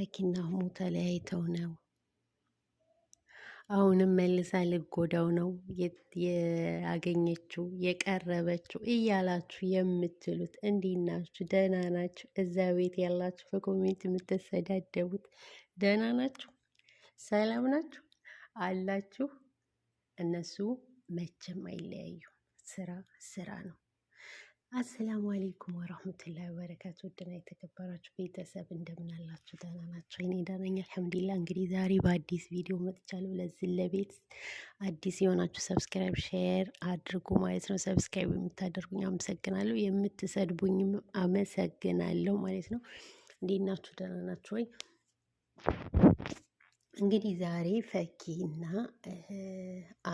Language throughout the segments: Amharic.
ፈኪና ሁሙ ተለያይተው ነው። አሁንም መልሳ ልጎዳው ነው ያገኘችው የቀረበችው እያላችሁ የምትሉት እንዴት ናችሁ? ደህና ናችሁ? እዛ ቤት ያላችሁ በኮሜንት የምትሰዳደቡት ደህና ናችሁ? ሰላም ናችሁ አላችሁ? እነሱ መቼም አይለያዩ። ስራ ስራ ነው። አሰላሙ አሌይኩም ወራህመቱላሂ ወበረካቱ። ውድና የተከበራችሁ ቤተሰብ እንደምን አላችሁ? ደህና ናቸው። እኔ ደህና ነኝ አልሐምዱሊላህ። እንግዲህ ዛሬ በአዲስ ቪዲዮ መጥቻለሁ። ለዚህ ለቤት አዲስ የሆናችሁ ሰብስክራይብ፣ ሼር አድርጉ ማለት ነው። ሰብስክራይብ የምታደርጉኝ አመሰግናለሁ፣ የምትሰድቡኝም አመሰግናለሁ ማለት ነው። እንዴት ናችሁ? ደህና ናችሁ ወይ? እንግዲህ ዛሬ ፈኪና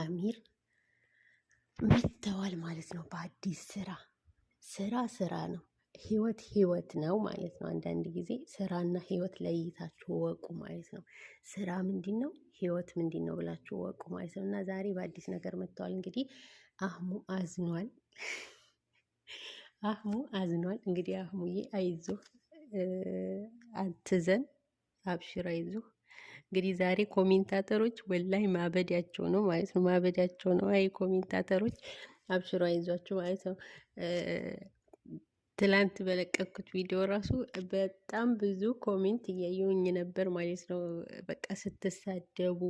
አሚር መጥተዋል ማለት ነው በአዲስ ስራ ስራ ስራ ነው፣ ህይወት ህይወት ነው ማለት ነው። አንዳንድ ጊዜ ስራና ህይወት ለይታችሁ ወቁ ማለት ነው። ስራ ምንድን ነው፣ ህይወት ምንድን ነው ብላችሁ ወቁ ማለት ነው። እና ዛሬ በአዲስ ነገር መጥተዋል። እንግዲህ አህሙ አዝኗል፣ አህሙ አዝኗል። እንግዲህ አህሙዬ አይዞህ፣ አትዘን፣ አብሽር፣ አይዞህ እንግዲህ ዛሬ ኮሜንታተሮች ወላይ ማበዳቸው ነው ማለት ነው። ማበዳቸው ነው። አይ ኮሜንታተሮች አብሽሮ አይዟችሁ ማለት ነው። ትላንት በለቀኩት ቪዲዮ ራሱ በጣም ብዙ ኮሜንት እያየውኝ ነበር ማለት ነው። በቃ ስትሳደቡ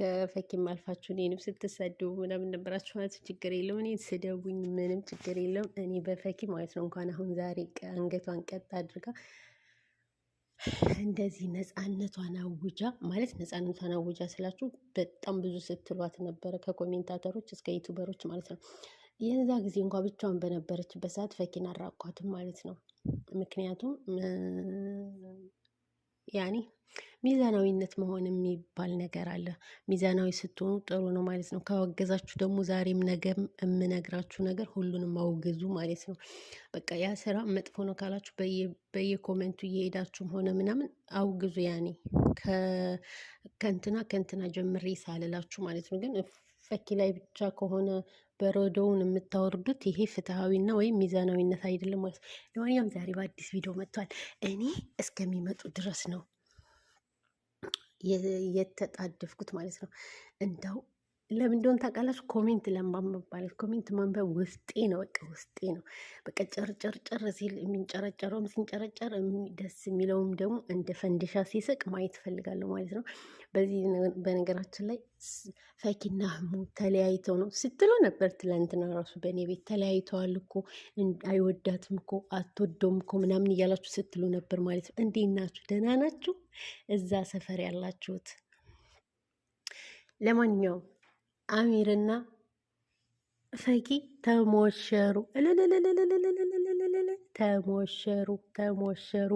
ከፈኪም አልፋችሁ እኔንም ስትሳደቡ ምናምን ነበራችሁ ማለት ችግር የለውም እኔ ስደቡኝ፣ ምንም ችግር የለውም እኔ በፈኪ ማለት ነው። እንኳን አሁን ዛሬ አንገቷን ቀጥ አድርጋ እንደዚህ ነፃነቷን አውጃ ማለት ነፃነቷን አውጃ ስላችሁ በጣም ብዙ ስትሏት ነበረ፣ ከኮሜንታተሮች እስከ ዩቱበሮች ማለት ነው። የዛ ጊዜ እንኳ ብቻውን በነበረችበት ሰዓት ፈኪን አራኳትም ማለት ነው። ምክንያቱም ያኔ ሚዛናዊነት መሆን የሚባል ነገር አለ። ሚዛናዊ ስትሆኑ ጥሩ ነው ማለት ነው። ካወገዛችሁ ደግሞ ዛሬም ነገም የምነግራችሁ ነገር ሁሉንም አውግዙ ማለት ነው። በቃ ያ ስራ መጥፎ ነው ካላችሁ በየኮመንቱ እየሄዳችሁም ሆነ ምናምን አውግዙ። ያኔ ከንትና ከእንትና ጀምሬ ሳልላችሁ ማለት ነው ግን ፈኪ ላይ ብቻ ከሆነ በረዶውን የምታወርዱት ይሄ ፍትሐዊና ወይም ሚዛናዊነት አይደለም ማለት ነው። ለማንኛውም ዛሬ በአዲስ ቪዲዮ መጥቷል። እኔ እስከሚመጡ ድረስ ነው የተጣደፍኩት ማለት ነው። እንደው ለምን እንደሆነ ታውቃላችሁ? ኮሜንት ለማመባል ኮሜንት ማንበብ ውስጤ ነው። በቃ ውስጤ ነው። በቃ ጨርጨርጨር ሲል የሚንጨረጨረውም ሲንጨረጨር ደስ የሚለውም ደግሞ እንደ ፈንዲሻ ሲስቅ ማየት ፈልጋለሁ ማለት ነው። በዚህ በነገራችን ላይ ፈኪና ህሙ ተለያይተው ነው ስትሉ ነበር። ትላንትና ራሱ በእኔ ቤት ተለያይተዋል እኮ አይወዳትም እኮ አትወደውም እኮ ምናምን እያላችሁ ስትሉ ነበር ማለት ነው። እንዴት ናችሁ? ደህና ናችሁ? እዛ ሰፈር ያላችሁት ለማንኛውም አሚርና ፈኪ ተሞሸሩ ተሞሸሩ ተሞሸሩ